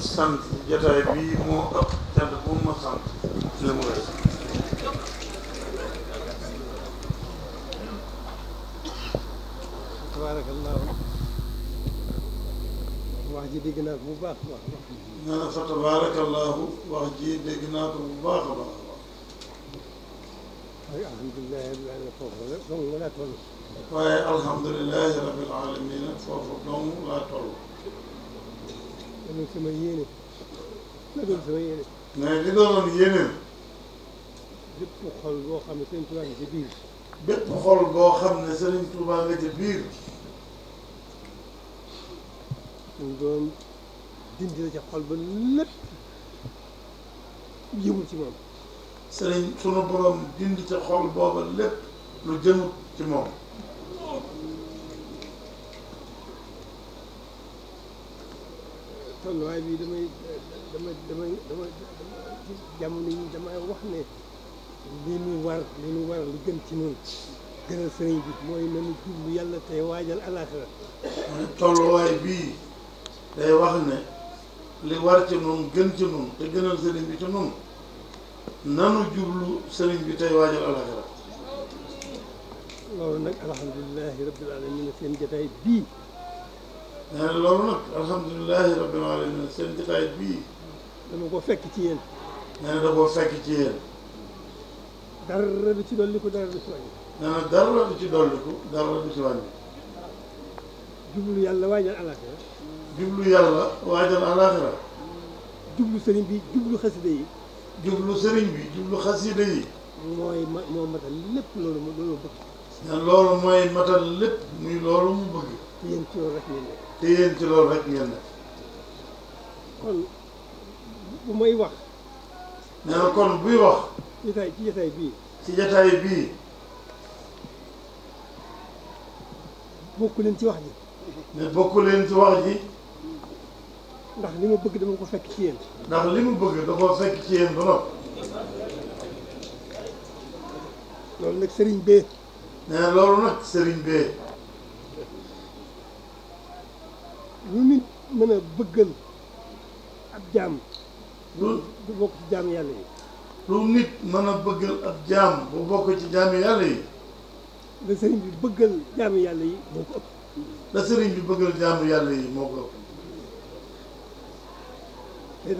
sant jotaay bi moo ëpp cant bu ma sant la mu wees tabarakallahu wax ji dégg naa ko bu baax baax baax nee na fa tabarakallahu wax ji dégg naa ko bu baax a baax waaye alhamdulilahi rabbil alamin ma doon sama yéene la doon sama yéene. mais li doonoon yéeneen. bépp xol boo xam ne Sëriñ Tuubaa nga ci biir. bépp xol boo xam ne Sëriñ Tuubaa nga ci biir. suñ doon dindi la ci xol ba lépp jëmul ci moom. Sëriñ sunu borom dindi ca xol booba lépp lu jëmut ci moom. tolluwaay bii damay damay damay dama ci jamono yi damay wax ne li ñu war li gën ci ñun gënal sëriñ bi mooy nañu jublu yàlla tey waajal alaxira tolluwaay bii day wax ne li war ci ñun gën ci ñun te gënal sëriñ bi ci ñun nanu jublu sëriñ bi tey waajal alaxira loolu nag alhamdulilahi rabbil alamin seen jataay bii nee na loolu nag alhamdulilahi rabbil alamin seen jotaay bii. dama ko fekk ci yéen. nee na da koo fekk ci yéen. dara du ci dolliku dara du ci wàññi. nee na dara du ci dolliku dara du ci wàññi. jublu yàlla waajal alaxira. jublu yàlla waajal alaxira. jublu sëriñ bi jublu xasida yi. jublu sëriñ bi jublu xasida yi. mooy ma moo matal lépp loolu loolu bëgg. nee loolu mooy matal lépp muy loolu mu bëgg. yéen ci loolu rek ngeen nekk. te yéen ci loolu rek ngeen ne. kon bu may wax. nee na kon buy wax. ci jotaay ci jotaay bii. ci jotaay bii. bokku leen ci wax ji. ne bokku leen ci wax ji. ndax li ma bëgg dama ko fekk ci yéen. ndax li mu bëgg da koo fekk ci yéen ba noppi. loolu nag sëriñ bee. nee na loolu nag sëriñ bee. mën a bëggal ab jaam. loolu du hmm. bokk ci jaam yàlla yi. lu nit mën a bëggal ab jaam bu bokk ci jaam yàlla yi. la sëriñ bi bëggal jaam yàlla yi moo ko ëpp. la sëriñ bi bëggal jaam yàlla yi moo ko ëpp. te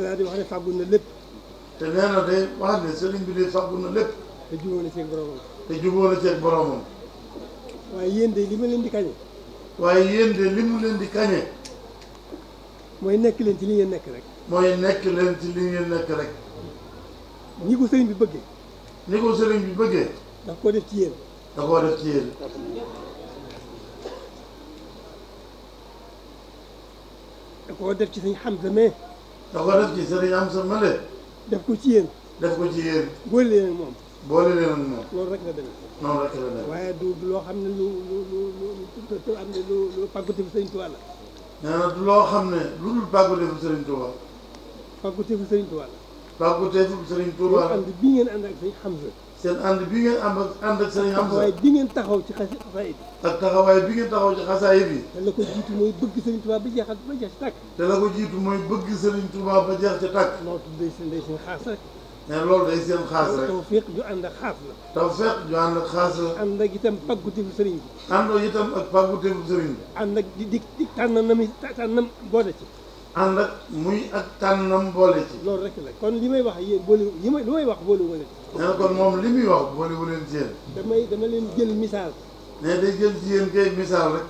danaa di wax ne sëriñ bi de fàggu na lépp. te jubóo na ceeg boromam. te jubóo na ceeg boromam. waaye yéen de li ma leen di kañe. waaye yéen li mu leen di kañe. mooy nekk leen ci li ngeen nekk rek. mooy nekk leen ci li nekk rek. ni ko sëriñ bi bëggee. ni ko sëriñ bi bëggee. daf koo def ci yéen. daf koo def ci yéen. da koo def ci sëriñ Hamza mais. da koo def ci sëriñ Male. def ko ci yéen. def ko ci yéen. boole leen moom. boole leen ak moom. rek la demee. rek la waaye du loo xam ne lu lu lu lu am bi sëriñ Tuubaa la. nee na loo xam ne lu dul pàgguteefu Sëriñ Tuuba. pàgguteefu Sëriñ Tuuba la. pàgguteefu Sëriñ Tuuba la. ànd bi ngeen ànd ak Sëriñ Hamza. seen ànd bi ngeen am ak ànd ak Sëriñ Hamza. taxawaay bi ngeen taxaw ci xasaayid bi. ak taxawaay bi ngeen taxaw ci xasaayid bi. te la ko jiitu mooy bëgg Sëriñ Tuuba ba jeex ba jeex ci tàkk. te la ko jiitu mooy bëgg Sëriñ Tuuba ba jeex ci tàkk. moo tuddee seen ndey seen mais loolu day seen xaas rek. tawfeex ju ànd ak xaas la. tawfeex ju ànd ak xaas la. ànd ak itam pàgguteefu sëriñ bi. àndoo itam ak pàgguteefu sëriñ bi. ànd ak di di di tànnam tànnam boole ci. ànd ak muy ak tànnam boole ci. loolu rek la kon li may wax yéen boole may wax boole wu leen. nee kon moom li muy wax boole wu leen ci yéen. damay dama leen jël misaal. mais day jël ci yéen kay misaal rek.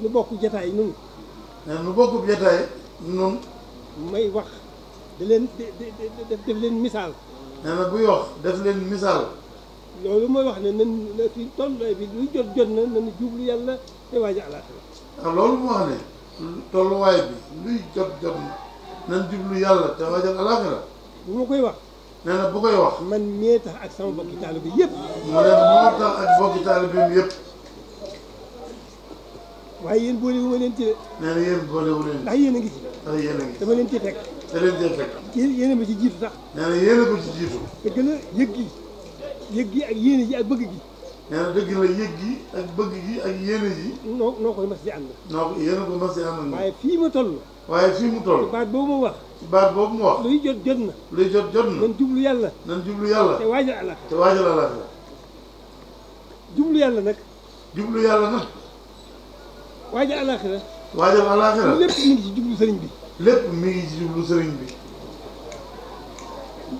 nu bokk jotaay nun. mais nu bokk may wax da leen def leen misaal. nee na buy wax def leen misaal. loolu mooy wax ne nan tolluwaay bi lu jot na jublu yàlla te waaj a alaaxira. ah loolu bi luy jot jot na nañ jublu yàlla te waaj a alaaxira. bu ma koy wax. nee bu koy wax. man mee ak sama bokki taalibe bi yëpp. mu moo tax ak bokki taalibe bi waaye yéen boole wu ma leen ci de. nee na boole wu leen. ndax yéen a ngi ci. ndax yéen a ngi ci dama leen ci teg. da leen cee teg. yéen a ma ci jiitu sax. nee na yéen a ma ci jiitu. te gën a yëg gi yëg gi ak yéene ji ak bëgg gi. nee na yëg gi ak bëgg gi ak yéene ji. noo noo koy mas ànd. noo ko yéen a ko mas di ànd. waaye fii ma toll. waaye fii mu toll. baat boobu ma wax. baat boobu mu wax. luy jot jot na. luy jot jot na. nan jublu yàlla. nan jublu yàlla. te waajal àllaaxira. te waajal àllaaxira. jublu yàlla nag. jublu yàlla nag. waajal alaaxira waajal alaaxira lépp mi ngi ci jublu sëriñ bi lépp mi ngi ci jublu sëriñ bi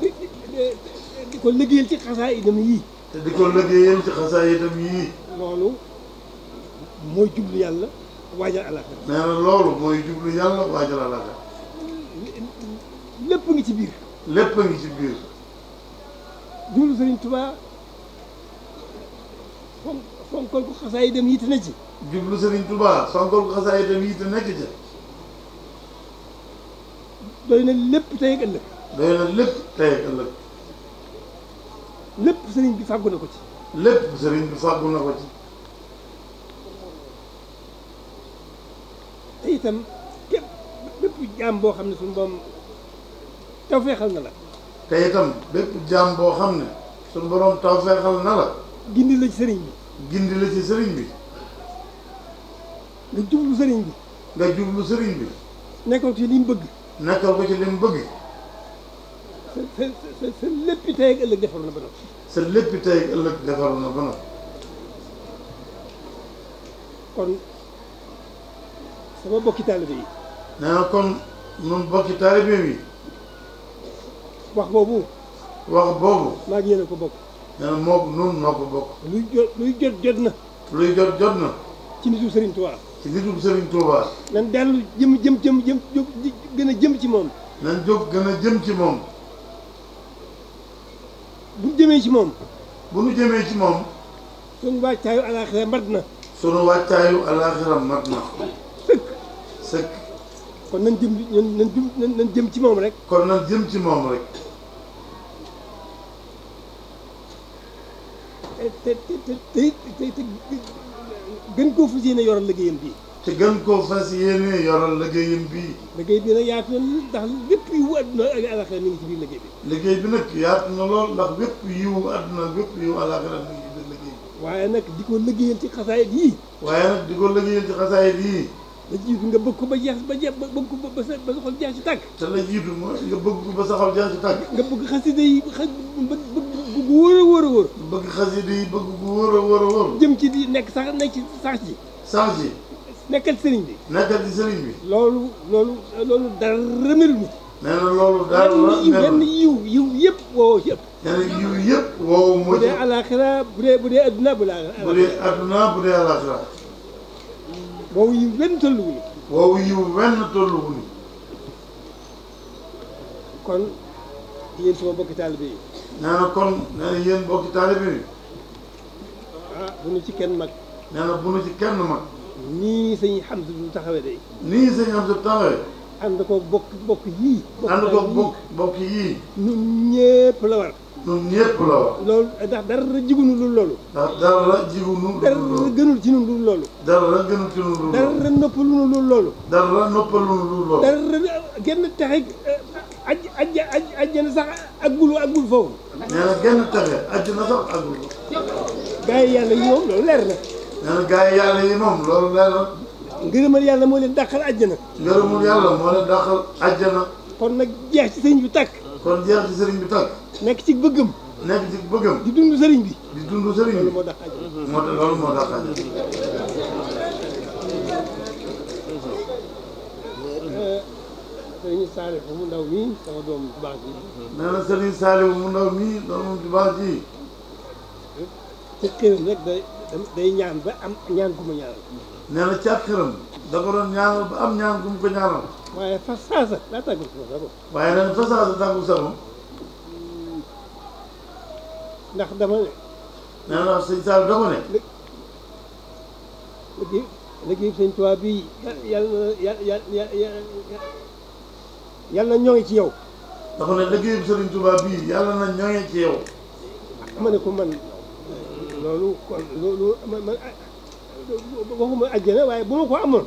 di di ko ci xasaa yi yii te di ko liggéeyal ci xasaa itam yii loolu mooy jublu yàlla waajal alaaxira nee lépp ngi ci biir lépp ngi ci biir jublu sëriñ Tuubaa fonk fonkol ko xasaa itam yi te na ci jublu Serigne Touba sonkol xasaay itam yi itam nekk Böyle doy na lépp Böyle ak ëllëg. doy Lip lépp tey ak ëllëg. Lip sëriñ bi fàggu na ko ci. lépp sëriñ bi fàggu na ko ci. te itam képp bépp jaam boo xam ne suñu borom tawfeexal na la. te itam bépp jaam boo xam ne suñu borom tawfeexal na la. gindi la ci sëriñ gindi la ci sëriñ nga jublu sëriñ bi. nga jublu sëriñ bi. nekkal ko ci lim bëgg. nekkal ko ci li bëgg. sa sa sa sa léppi tey ak ëllëg defaru na ba noppi. sa léppi tey ak ëllëg defaru na ba noppi. kon sama bokki taalibe yi. nee na kon ñun bokki taalibe yi. wax boobu. wax boobu. maa ngi yéen ko bokk. nee na moo nun noo ko bokk. luy jot jot na. luy jot jot na. ci nitu Serigne Touba. ci liggéeyu Serigne Touba. nan dellu jëm jëm jëm jëm gën a jëm ci moom. nan jóg gën a jëm ci moom. bu ñu jëmee ci moom. bu ñu jëmee ci moom. sunu wàccaayu alaaxira mat na. sunu wàccaayu alaaxira mat na. sëkk. sëkk. kon nan jëm nan jëm nan jëm ci moom rek. kon nan jëm ci moom rek. te te te te te gën koo fas yéene yoral liggéeyam bii te gën koo fas yéene yoral liggéeyam bii liggéey bi nag yaatu na ndax lépp yiwu àdduna ak alaxira mi ngi ci biir bi liggéey bi nag yaatu na lool ndax lépp yiwu àdduna lépp yiwu alaxira mi ngi ci biir liggéey bi waaye nag di ko liggéeyal ci xasaayit yii waaye nag di ko ci xasaayit yii la jiitu nga bëgg ko ba jeex ba jeex ba bëgg ko ba sa ba sa xol jeex ci tàkk te la jiitu mooy nga bëgg ko ba sa xol jeex ci tàkk nga bëgg xasida yi bëgg gu wóor a wóor a wóor bëgg xasida yi bëgg gu wóor a wóor a wóor jëm nekk sax nekk ci bi nekkal ci sëriñ bi loolu bu kon yéen sama bokki taalibe yi. kon nee na yéen bokki taalibe ah, bu nu ci kenn mag. nee na bu nu ci kenn mag. nii sëñ Hamza du taxawee de. nii sëñ Hamza du taxawee. ànd ko bokk bokk yii. ànd ko bokk bokk yii. ñun ñëpp la war. ñun ñëpp la wax. loolu ndax dara jigunu lu loolu. ndax dara jigunu lu loolu. dara gënul ci ñun lu loolu. dara gënul ci ñun lu loolu. dara noppalu lu loolu. dara noppalu lu loolu. dara genn texe eh, aj aj aj ajjana sax aggul aggul foofu. nee na genn texe ajjana sax aggul. gaa yi yàlla yi moom loolu leer na. nee na gaa yi yàlla yi moom loolu leer na. ngërëmal yàlla moo leen dàqal ajjana. ngërëmul yàlla moo leen dàqal ajjana. kon nag jeex ci sëñ bu tàkk. kon jeex ci sëriñ bi tàgg. nekk ci bëggam. nekk ci bëggam. di dund sëriñ bi. di dund sëriñ bi. moo tax loolu moo tax xaajal. sëriñ Saalihu mu ndaw mii sama doom bu baax ji. nee na sëriñ Saalihu mu ndaw mii doomam bu baax ji. day ñaan ba am ñaan ku mu nee na ca da ko doon ñaan waaye fa saasa laa tàggul sama sago. waaye nag fa saasa tàggul sama. ndax dama ne. nee dama ne. liggéey liggéey sëñ Tuubaa bii yàlla yàlla ci yow. dafa ne na ñoo ngi ci ma ne ko man loolu kon man man waaye bu ma ko amoon.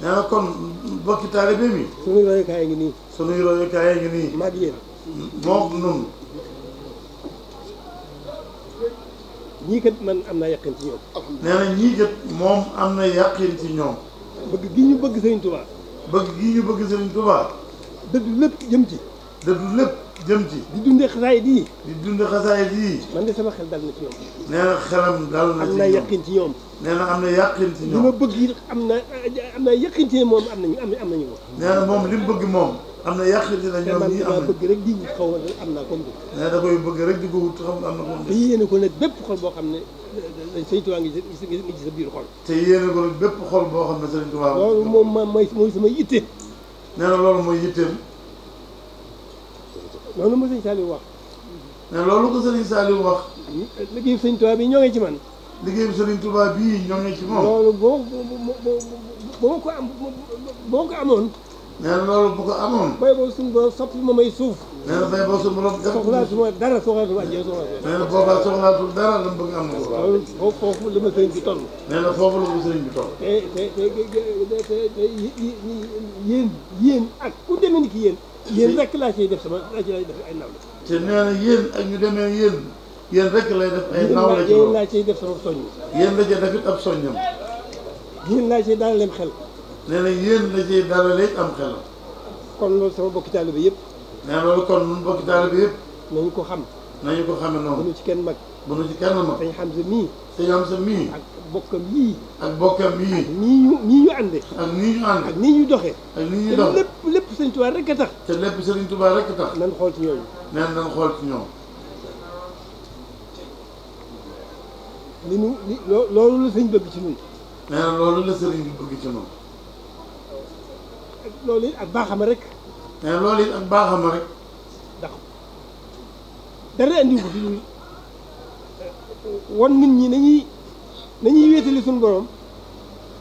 nee kon bokki taalibe mi. sunuy royukaay ngi nii. sunuy royukaay ngi nii. mag yéen. moom noonu. ñii kat man am naa yàqin ci ñoom. nee ñii kat moom am na yàqin ci ñoom. bëgg gi ñu bëgg Sëriñ Tuubaa. bëgg gi ñu bëgg Sëriñ Tuubaa. dëddu lépp jëm ci. dëddu lépp jëm ci. di dundee xasaay di. di dunde xasaay di. man de sama xel dal na ci ñoom. nee na xelam dal na ci ñoom ci ñoom. nee na am na yàqin ci ñoom li ma bëgg yi am na am na yàqin ci moom am nañu am am nañu ko. nee na moom li mu bëgg moom am na yàqin ci ñoom ñii am na bëgg rek di xaw am naa ko nee na da koy bëgg rek di ko wut xam am na ko te yéene ko nag bépp xol boo xam ne sëñ Tuubaa ngi ci sa biir xol te yéene ko nag bépp xol boo xam ne sëñ Tuubaa loolu moom mooy mooy sama yitte nee na loolu mooy yitteem loolu ma sëñ Saliou wax nee na loolu ko sëñ Saliou wax liggéey sëñ Tuubaa bi ñoo ngi ci man liggéeyam Serigne Touba bii ñoom ne ci moom. loolu boo boo ko am boo ko amoon. nee na loolu bu ko amoon. bay boo suñu borom soppi ma may suuf. nee na bay boo suñu borom def. soxlaatuma dara soxlaatuma ajjee soxlaatuma. nee na boobaa soxlaatul dara la mu bëgg am na ko. loolu foofu foofu la ma sëriñ bi toll. nee na foofu la ma yéen ak ku demee ni ki yéen. yéen rek laa ciy def sama laa ciy def ay ndaw la. te nee na yéen ak ñu demee yéen. yéen rek lay def ay naaw la juróom yéen laa ciy def sama soññ. yéen la ciy def it ab soññam. yéen laa ciy dalaleem xel. nee na yéen la ciy dalalee am xel. kon loolu sama bokki taalibe yëpp. nee na loolu kon ñun bokki taalibe yëpp. nañu ko xam. nañu ko xame noonu. bu nu ci kenn mag. bu nu ci kenn mag. sëñ Hamza mii. sëñ Hamza mii. ak bokkam yii. ak bokkam yii. ak nii ñu nii ñu àndee. ak nii ñu àndee. ak nii ñu doxee. ak nii ñu doxee te lépp lépp sëñ Tuubaa rek a tax. te lépp sëñ Tuubaa rek a tax. nan xool ci ñoom. nee na nan xool ci ñoom li nu li loolu la sëñ bëgg ci ñun. nee na loolu la sëriñ bi bëgg ci ñun. loolu it ak baaxam rek. nee na loolu it ak baaxam rek. dara andi ko fi wan nit ñi nañuy nañuy wéetali suñu borom.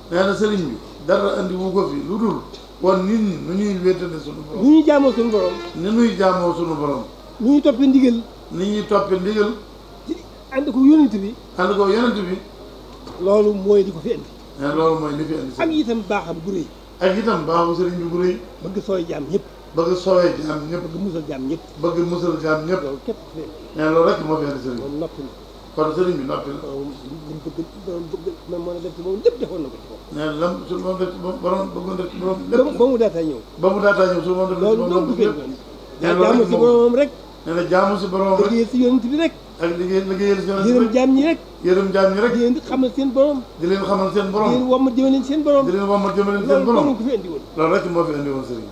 nee bi dara andi wu ko fi lu dul wan nit ñi nu ñuy wéetali suñu borom. nu ñuy jaamoo suñu borom. ni ñuy jaamoo suñu borom. ni ñuy ndigal. ni ñuy toppee ndigal. ànd ko yonent bi. ànd ko yonent bi. loolu mooy di ko fi indi. Eh, loolu mooy li fi indi. ak itam baaxam bu rëy. ak itam baaxam sëriñ bi bu rëy. bëgg sooy jaam ñëpp. bëgg soowee jaam ñëpp. bëgg musal jaam ñëpp. bëgg musal jaam ñëpp. loolu képp ku fi indi. Eh, loolu rek moo fi indi sëriñ bi. noppi na. kon sëriñ bi noppi la. li mu bëgg doon bëgg man moo def ci moom lépp defoon na ko ci moom. nee eh, na lam su moom def ci moom borom bëggoon def ci moom lépp. ba mu daataa ñëw. ba mu daataa ñëw su moom def ci moom lépp. loolu loolu du feeñ. nee na jaamu si boromam rek. nee na jaamu si boromam rek. liggéey si yonent bi rek. ak liggéey liggéeyal si yërëm jaam ñi rek yërëm jaam ñi rek di leen di xamal seen borom di leen xamal seen borom di leen wommat jëme leen seen borom di leen wommat jëme leen seen borom loolu ko fi indi woon loolu rek moo fi indi woon sëriñ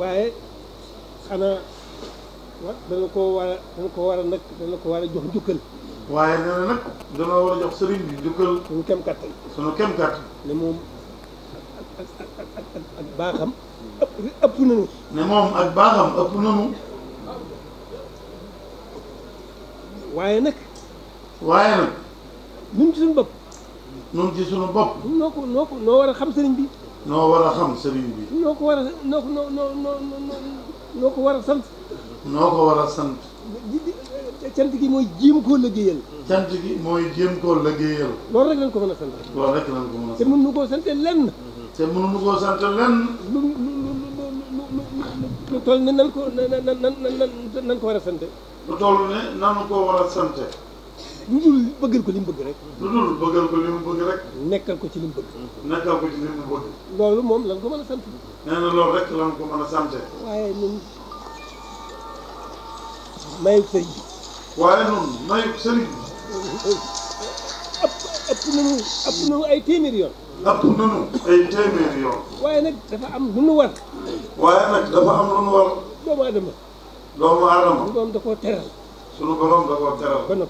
waaye xanaa dana ko war a dana ko war a nag dana ko war a jox njukkal waaye nee na nag dana war a jox sëriñ bi njukkal suñu kem kàttan suñu kem kàttan ne moom ak ak ak ak baaxam ëpp ëpp nañu. ne moom ak baaxam ëpp nañu. waaye nag. waaye nag. ñun ci suñu bopp. ñun mu suñu bopp. noo ko noo ko noo war a xam sëriñ bi. noo war a xam sëriñ bi. noo ko war a noo ko war a sant. noo ko war a sant. cant gi mooy jéem koo liggéeyal. cant gi mooy jéem koo liggéeyal. loolu rek lañ ko mën a sant. loolu rek lañ ko mën a sant. te mënuñu koo sant lenn. te mënuñu koo sant lenn. lu toll ne nan ko nan nan nan nan ko war a sante. lu toll ne nan ko war a sante. lu dul bëggal ko li mu bëgg rek. lu dul bëggal ko li mu bëgg rek. nekkal ko ci li mu bëgg. nekkal ko ci loolu moom lan ko mën a sant. nee na loolu rek lan ko mën a sante. waaye ñun mayu sëriñ bi. waaye ñun mayu sëriñ bi. ëpp ëpp nañu ëpp nañu ay téeméeri yoon. ëpp nanu ay téeméeri yoon. waaye nag dafa am lu war. doomu aadama. doomu aadama. da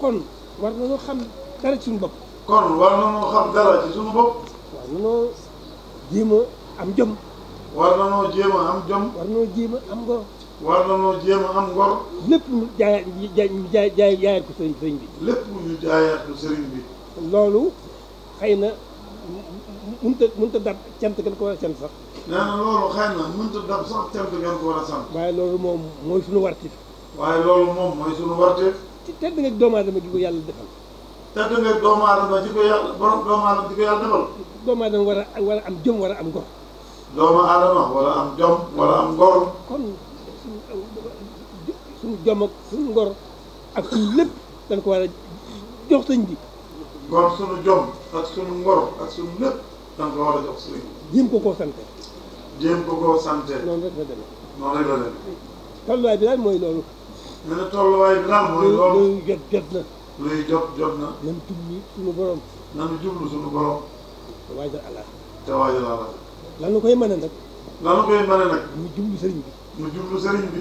kon war nañoo xam dara suñu bopp. kon war nañoo xam dara suñu bopp. war nañoo jéem a am jom. war nañoo jéem a am jom. war nañoo jéem a am ngor. war nañoo jéem a am ngor. lépp ñu jaay jaay jaay jaayaat ko sëriñ sëriñ bi. lépp ñu jaayaat ko loolu xëy na mënut a mënut a dab cant gën ko war a a dab sax cant gën ko sant. waaye loolu moom mooy suñu wartif. waaye loolu moom mooy suñu wartif. te tedd nga doomu aadama ji ko yàlla defal. doomu aadama war a war a am jom war a am ngor. a am jom war am ngor. kon. suñu jom ak suñu ngor ak ko war bi. a jox sëñ ko ko koo sante. noonu la demee. noonu rek mooy loolu. nee na tolluwaay bi daal jot jot na. na. nañ jublu suñu borom. nañ jublu suñu borom. te waajal àlla. te waajal koy mën a nag. lanu mën a nag. mu jublu sëriñ bi. mu jublu sëriñ bi.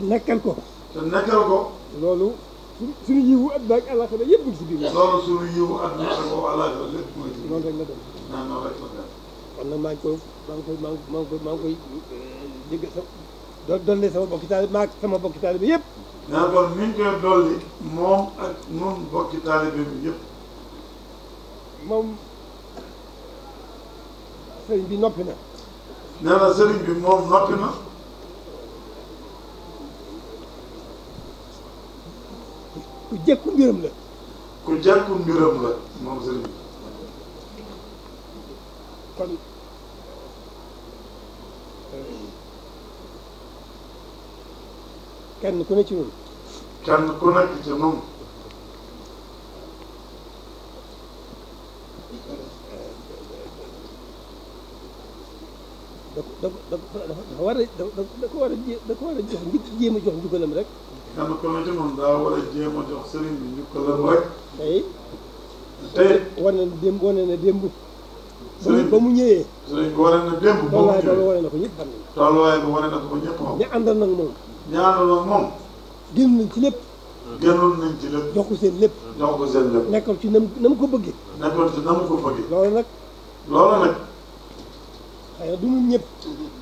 nekkal ko. te nekkal ko. loolu suñu suñu yiwu àdduna ak àllaaxira yëpp ngi si biir. loolu suñu yiwu àdduna ak àllaaxira lépp mooy si biir. noonu rek la dem. naan noonu rek la dem. kon nag maa ngi koy maa ngi koy koy dolli moom ak ñun bokki taalibe bi yëpp. moom sëriñ bi noppi na. nee na sëriñ bi moom noppi na. ku jekku mbiram la ku jekku mbiram la moom sëriñ bi kon euh, kenn ku ne ci noonu kenn ku nekk ci noonu da ko da dafa war a da ko war a da ko war a jéem a jox njugalam rek dama comité moom daa war a jéem a jox sëriñ bi njukkalam rek. tey. tey wane na démb wane na démb. sëriñ ba mu ñëwee. sëriñ bi wane na démb. ba mu ñëwee tolluwaay na ko ñëpp xam nañ. tolluwaay bi wane na ko ñëpp xam. ña àndal nag moom. ña nag moom. génn nañ ci lépp. génnoon nañ ci lépp. jox ko seen lépp. jox ko seen lépp. nekkal ci na mu ko bëggee. nekkal ci na ko bëggee. loolu nag. loolu nag. xëy na du ñun ñëpp.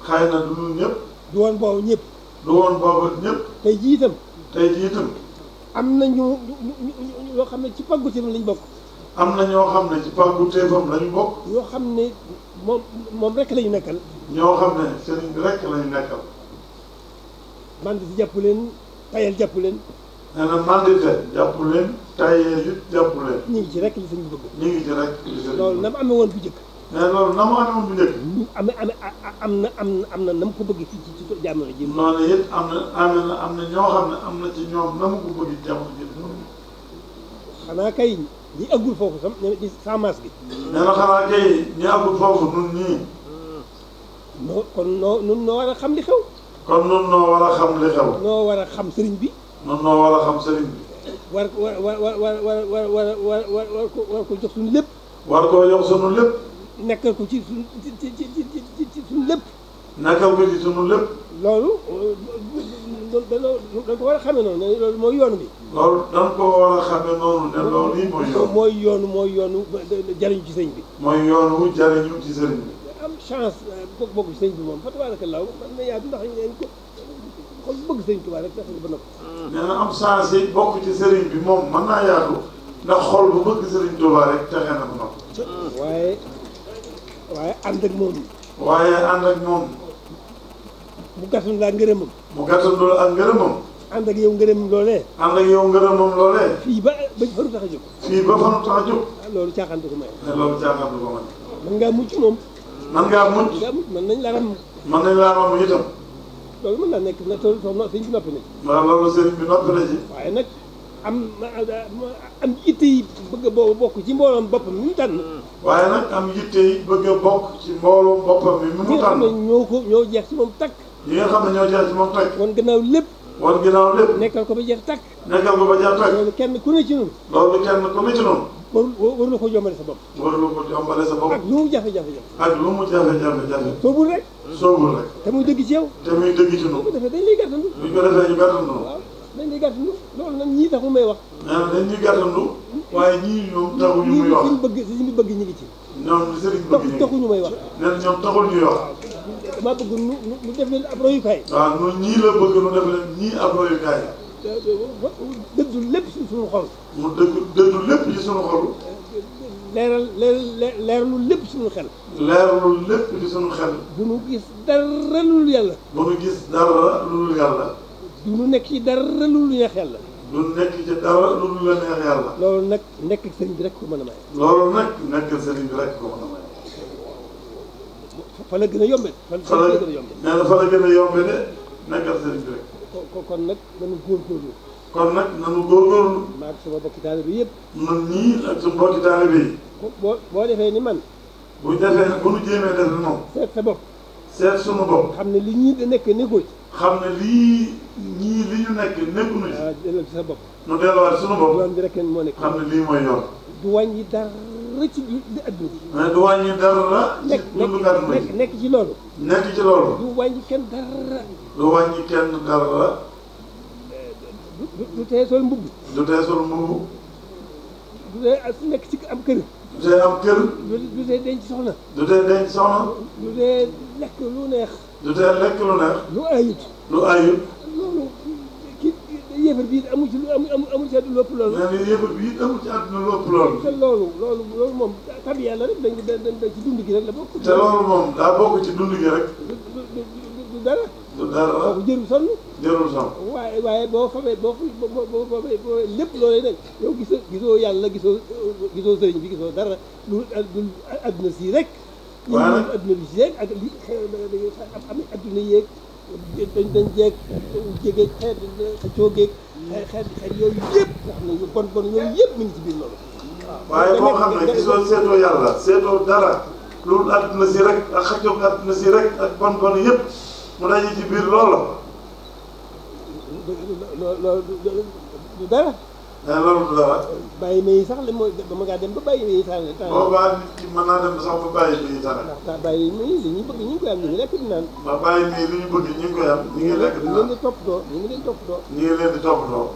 xëy na du ñun ñëpp. du woon boobu ñëpp. du woon boobu ñëpp. tey jii tey jii itam. am na ñu yoo xam ne ci pàggu teefam lañ bokk. am na ñoo xam ne ci pàggu teefam lañ bokk. ñoo xam ne moom moom rek lañu nekkal. ñoo xam ne sëriñ bi rek lañu nekkal. mandi di jàpp leen tayal jàpp leen. nee na mandi de jàpp leen tayal it jàpp leen. ñu ngi ci rek li sëriñ bi bëgg. ñu ngi ci rek li sëriñ bi bëgg loolu na mu amee woon bu njëkk. mais loolu na mu amee woon bu njëkk. am am na am na am na na mu ko bëgg ci ci ci jamono ji. noonu it am na am na am na ñoo xam ne am na ci ñoom na mu ko bëgg ci jamono ji. xanaa kay ñi àggul foofu sam ci saamaas gi. nee na xanaa kay ñi àggul foofu nun ñii. noo kon noo nun noo war a xam li xew. kon nun noo war a xam li xew. noo war a xam sëriñ bi. nun noo war a xam sëriñ bi. war war war war war war war war ko war ko jox suñu lépp. war koo jox suñu lépp. nekkal ko ci suñ ci ci ci ci suñ lépp. nekkal ko ci suñu loolu loolu ko war a xamee noonu ne loolu mooy yoon bi. loolu da nga koo a xamee noonu ne loolu yi mooy yoon. mooy yoonu mooy yoonu jariñu ci sëñ bi. mooy yoonu jariñu ci sëñ bi. am chance euh, bokk bokk ci sëñ bi moom fa tabaarakallaahu man na ba noppi. nee bokk ci sëriñ bi moom mën naa yaatu ndax xol bu bëgg sëriñ Tuubaa rek na ba waaye. waaye ànd ak moom. waaye ànd ak moom. mu gàttandu laa mu gàttandu laa ak ngërëmam. ànd yow ngërëm loolee. ànd ak yow ngërëm moom loolee. fii ba ba fanu tax a jóg. fii ba fanu tax a jóg. Ah, loolu caaxaan du ko maye. loolu caaxaan du ko maye. mën ngaa mucc moom. mën ngaa mucc. mën nañ laa ram. mën nañ laa ram itam. loolu mën naa nekk na tool soxna sëñ bi noppi na ci. waaw loolu sëñ bi noppi na ci. waaye nag am am itte yi bëgg a bokk ci mbooloom boppam ni mu tànn. waaye nag am yitte yi bëgg a bokk ci mboolu boppam mi mu tànn ñoo ko ñoo jeex ci moom takk ñi xam ne ñoo jeex ci moom takk wan gannaaw lépp wan gannaaw lépp nekkal ko ba jeex takk nekkal ko ba jeex takk loolu kenn ku ne ci noonu loolu kenn ku ne ci noonu war ko jombale sa bopp war na ko jombale sa bopp ak lu mu jafe-jafe ak lu mu jafe-jafe soobul rek soobul rek te muy dëgg ci yow te muy dëgg ci noonu bu ko defee dañ lay gàttandu bu defee ñu gàttandu dañ ñuy gàttandu loolu nag ñii tax taxu may wax. naan ah, dañ ñuy gàttandu. waaye ñii ñoom taxuñu muy wax bëgg si bëgg ñu ngi ci. ñoom li sëriñ bëgg ñu taxuñu may wax. nee na ñoom taxul ñuy wax. dama bëgg nu nu def leen ab royukaay. Ah, dëddu lépp ci suñu xol. mu dëddu dëddu lépp ci suñu xol. leeral leer lépp suñu xel. leerlu lépp ci suñu xel. bu nu gis dara lu dul yàlla. bu nu gis dara lu dul yàlla. lu nekk nekk ci dara lu lu neex yàlla. loolu nag nekk sëriñ bi rek ko mën a lool loolu nag nekk sëriñ bi rek ko mën a may. fa la gën a yombee. fa la gën a yombee nee fa la gën a yombee de nekkal sëriñ bi rek. kon kon nag nañu góor kon nag nañu góorgóorlu. maag sama bokki bi yëpp. man nii ak suñu bokki taalibe bi. boo boo defee ni man. bu ñu defee bu ñu jéemee def ni moom. seet sunu bopp. xam ne li ñuy nekk nekkul ci. xam ne lii ñii li ñu nekk nekkuñu ci. waaw ah, delloo sa bopp. nu delloo ci sunu bopp. yoon bi rek moo nekk. xam ne lii mooy yoon. du wàññi dara ci di adduna. mais du wàññi dara. nekk nekk ci loolu. nekk ci loolu. du wàññi kenn dara. du wàññi kenn dara. du du tee sol mbubb. du tee sol mbubb. du su nekk ci am kër. du dee am kër. du dee denc soxna. du dee denc soxna. du dee lekk lu neex. du dee lekk lu neex. lu ayut. lu ayut. loolu ki yëfër bi amu ci amu amu ci àdduna lépp loolu. nee na yëfër bi amu ci àdduna lépp loolu. te loolu loolu loolu moom tabiya la rek dañ dañ dañ ci dund gi rek la bokk. te loolu moom daa bokk ci dund gi rek. du du du dara. du ah, dara kooku jërul waaye boo xamee boo boo boo lépp loolee nag yow gisoo gisoo yàlla gisoo gisoo sëriñ bi gisoo dara lu du adduna sii rek. waaw ñu adduna bi sii rek dañ dañ jeeg jege xeet xëccoo geeg xeet xeet yooyu yëpp wax nañu yëpp mi ngi ci biir loolu. waaw waaye boo xam ne gisoo seetoo yàlla seetoo dara lu adduna si rek ak xëccoo adduna si rek ak bon bon yëpp. mu daje ci biir loola. du dara. loolu du dara. bàyyi mayi sax li mooy dama ngaa dem ba bàyyi mayi tànn. boobaa nit ki mën naa dem sax ba bàyyi mayi tànn. ndax bàyyi mayi li ñu bëgg ñu ngi koy am ñu ngi lekk di naan. ndax bàyyi mayi li ñu bëgg ñu ngi koy am ñu ngi lekk di naan ñu ngi leen di toppatoo ñu ngi leen di toppatoo. ñu ngi leen di toppatoo.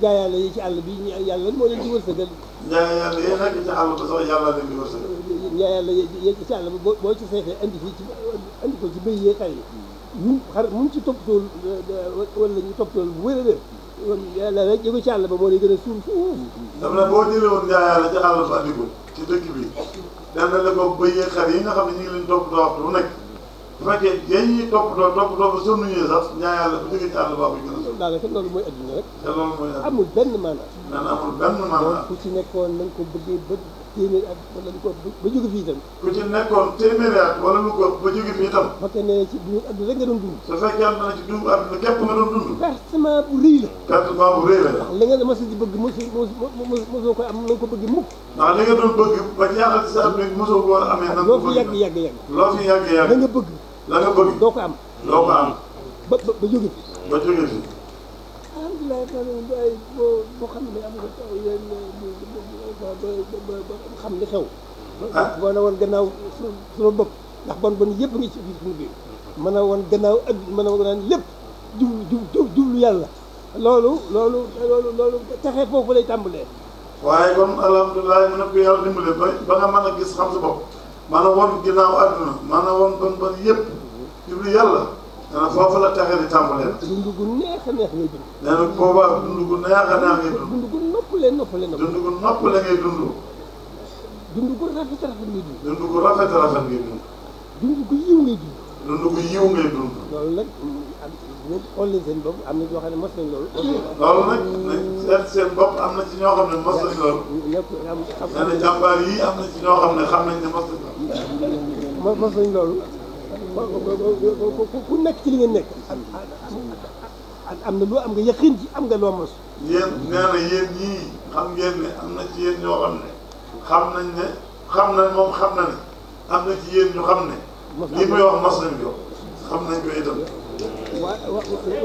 njaay yàlla yi ci àll bi yàlla moo leen di wërsëgal. njaay yàlla yi nekk ci àll ba sax yàlla leen di wërsëgal. njaay yàlla yi ci àll ba boo ci seetee andi fii ci andi ko ci bëy yee xar yi mun xar mun ci toppatool wala ñu toppatool bu wér a wér yàlla rek jóge ci àll ba moo lay gën a suur fuuf daf na boo jëlewoon ngaa yàlla ci àll ba andiko ci dëkk bi dem na la ko bëyee xar yi nga xam ne ñu ngi leen toppatoo waxtu bu nekk bu fekkee yéen ñi toppatoo toppatoo ba sonn ñu sax ñaa yàlla bu jóge ci àll ba bu gën a suur daal te loolu mooy adduna rek te loolu mooy adduna amul benn maanaam maanaam amul benn maanaam ku ci nekkoon nañ ko bëggee bëgg téeméeri at wala lu ba jóge fii itam ku ci nekkoon téeméeri wala lu ko ba jóge fii itam fekkee ne ci dund àdduna rek nga doon na ci dund àdduna la pertement bu rëy di bëgg mos mos mosoo ko am na nga ko bëgg mukk ndax li nga doon bëgg ba sa am léegi mosoo ko amee nag loo fi yàgg yàgg yàgg loo bëgg la doo ko am doo ko am ba ba jóge laa xamoon ba xam ne am nga xam li xew. ah ma ne woon gannaaw sama bopp ndax bon bon yëpp ngi si biir bi biir. mën a woon gannaaw ak mën a woon lépp jublu jublu jublu yàlla loolu loolu loolu loolu taxee foofu lay tàmbalee. waaye comme alhamdulilah mu a ko yàlla dimbale ba ba nga mën a gis xam sa bopp maanaam woon ginnaaw àdduna maanaam woon bon bon yëpp jublu yàlla. dana foofu la taxe tàmbalee. a neex ngay na boobaa dund neex a neex ngay dund. dund gu noppalee noppalee noppalee. dund gu noppalee ngay dund. dund gu rafet rafet ngay dund. dund rafet rafet ngay dund. dund yiw ngay dund. dund yiw ngay dund. loolu nag ak seen bopp am na ñoo xam ne mos nañ loolu. loolu nag seen bopp am na ci ñoo xam ne mos nañ loolu. nee na loolu. ku nekk ci li ngeen nekk am na loo am nga yëqin ji am nga loo mos yéen nee na yéen ñii xam ngeen ne am na ci yéen ñoo xam ne xam nañ ne xam nañ moom xam na ne am na ci yéen ñu xam ne li muy wax mos nañ ko xam nañ ko itam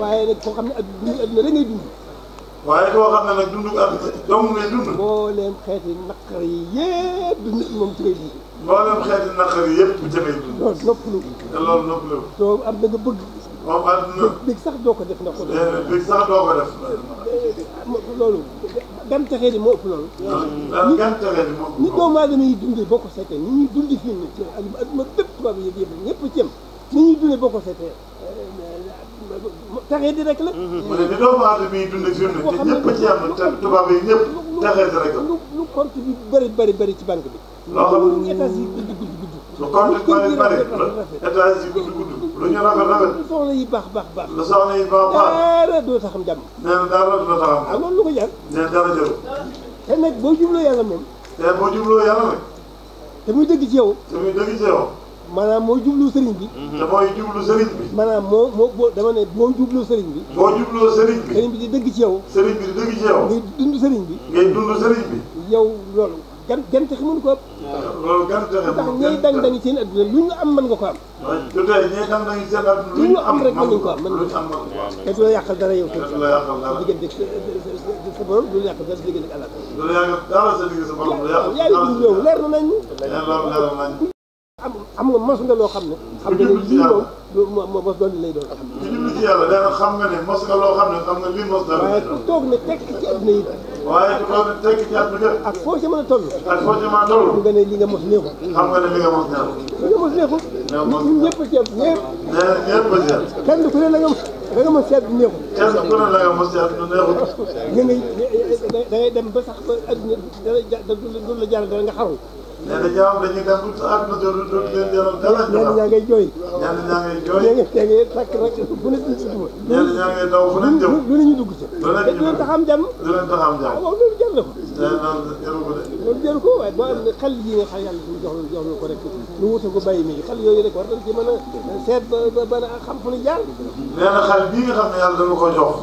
waaye nag koo xam ne adduna adduna rek ngay dund waaye koo xam ne nag dund ak dong ngay dund mbooleem xeeti naqar yi yëpp dund moom ci ngay dund mboolem xeeti naqar yi yëpp jafee dund. loolu noppalu. te loolu noppalu. doo am da nga bëgg. moom àdduna bëgg sax doo ko def ndax. bëgg sax doo ko def. loolu gan taxee di moo ëpp loolu. waaw gan taxee di moo ëpp loolu. ni doomu aadama yi dundee boo ko seetee ni ñuy dundi fii nii ci àdduna bépp tubaab yi yëpp ñëpp ci am ni ñuy dundee boo ko seetee taxee eh, di rek la. Mhm. mu ne ni doomu aadama yi dundee fii nii ñëpp ci am tubaab yi ñëpp taxee di rek la. lu compte bi bëri bëri bëri ci banque bi. loolu étage yi gudd gudd gudd. lu complet yi bare étage yi lu ñu rafet rafet. lu soxla yi baax baax baax. lu soxla yi baax baax. dara doo taxam jàmm. nee ah, ko jar. te boo jubloo yàlla moom. te boo jubloo yàlla nag. te muy dëgg ci yow. te moo jublu sëriñ bi. Mhm. te mooy jublu sëriñ maanaam moo moo dama ne moo jublu sëriñ bi. moo jublu dëgg ci yow. sëriñ bi di dëgg ci ngay dund sëriñ bi. ngay dund sëriñ bi. yow loolu gan gante xamuñ ko loolu gan joxe ndax ñiy dang dangi seen adduna lu ñu am mën nga ko am du tey ñiy dang dangi seen adduna lu ñu am rek mën nañ ko am mën nga ko am te du la yàqal dara yow tamit diggante sa borom du la yàqal dara sa diggante ak àlla yaa ngi dund yow leer na nañ am am nga mos nga loo xam ne xam nga ne lii moom mos doon lay doon xam nga ci yàlla xam nga ne mos nga loo xam ne xam nga lii mos dara waaye ku toog ne tekk ci adduna yi waaye ku toll tekki ci at bu jot. ak foo ci mën a toll. ak foo ci mën a toll. xam nga ne li nga mos neexul. xam nga ne li nga mos neexul. li nga mos neexul. ñun ñëpp a ceeb ñëpp. nee na ñëpp a ceeb. kenn ku ne la nga mos la nga mos ceeb du neexul. kenn ku ne la nga mos ceeb du neexul. da ngay dem ba sax ba adduna dara ja du la jaral dara nga xarul. nee na ñoom dañuy dem ba sa àdduna dootul dootul leen jaral dara. ñenn ñaa ngay jooy. ñenn ñaa ngay jooy. ñenn ñaa ngay takk rek bu ne ci dugg. ñenn ñaa ngay daw fu leen jëm. lu ne ñu dugg ci. lu leen ñu dugg tax am jàmm. lu leen tax am jàmm. waaw ah loolu jar na ko. nee na jaru ko de. loolu jaru ko waaye boo am ne xel yi nga xam yàlla suñu jox jox ko rek lu wuta ko bàyyi mi xel yooyu rek war nañ ci mën a seet ba ba xam fu ñu jaar. nee na xel bii nga xam ne yàlla dama ko jox.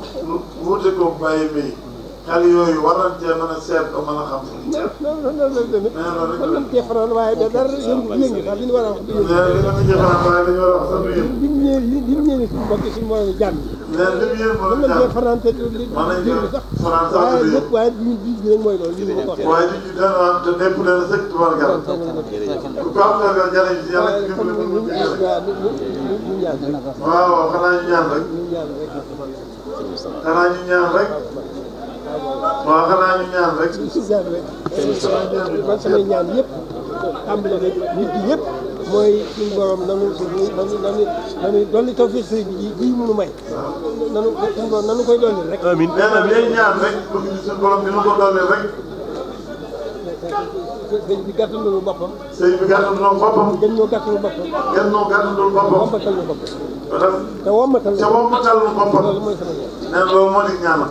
wuute ko bàyyi mi xel yooyu waroon cee mën a seet ba mën a xam. non non non non. mais loolu rek la ñu cee faral waaye dara yëngu yëngu daal li ñu war a wax. mais li ma cee faral waaye li ñu war a wax sax du yëngu. li mu ñëwee li mu ñëwee suñu mbokk suñu moromu jàmm. mais li mu yëngu moromu jàmm mën nañu cee faral te li li sax. faral sax du yëngu waaye lépp waaye ñun bii bi rek mooy loolu. li mu ko waxee waaye li ci daan am te nekkul leen sëkk tubaab gàllankoor. ku ko am la nga jëriñ si yàlla ci dimbali mën nga ko jëriñ. waaw xanaa ñu ñaan rek. xanaa ñu ñaan rek. waaw xanaa ñu ñaan rek. ñu si ñaan rek. man samay ñaan yëpp tàmbali rek nit ñi yëpp mooy suñu borom nanu nanu nanu nanu dolli tawfiq sëriñ bi ji mënu may. nanu suñu borom nanu koy dolli rek. amiin nee na léegi ñaan rek bëgg suñu borom dina ko dolli rek. sëñ bi gàttandul boppam. sëñ bi gàttandul boppam. gën ñoo gàttandul boppam. gën ñoo gàttandul boppam. wombatal ñu boppam. te wombatal ñu boppam. te wombatal ñu boppam. loolu mooy sama ñaan. nee na loolu moo di ñaanal.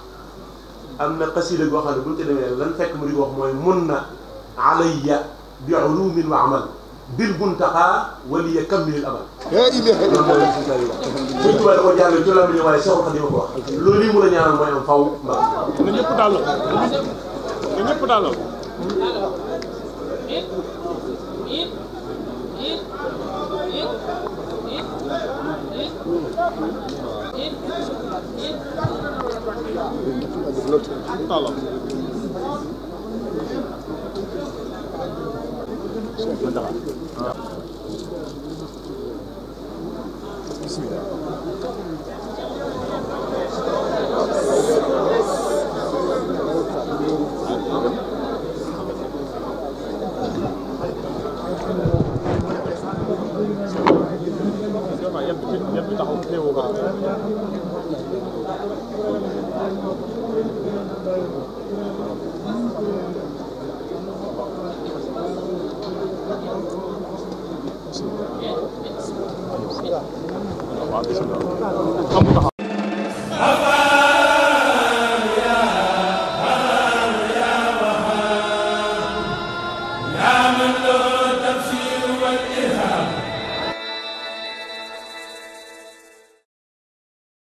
أما قصيدة جوا خالد بنت لما لن تكمل جوا خمر منا عليا بعلوم وعمل بالبنتقى ولي يكمل الأمل يا إله الله الحمد لله كنت بقول لك يا رجل من يوالي سوى قد يوالي لولي مولاني أنا ما ينفعو من يبقى دالو من يبقى دالو Mip, mip. Bismillah.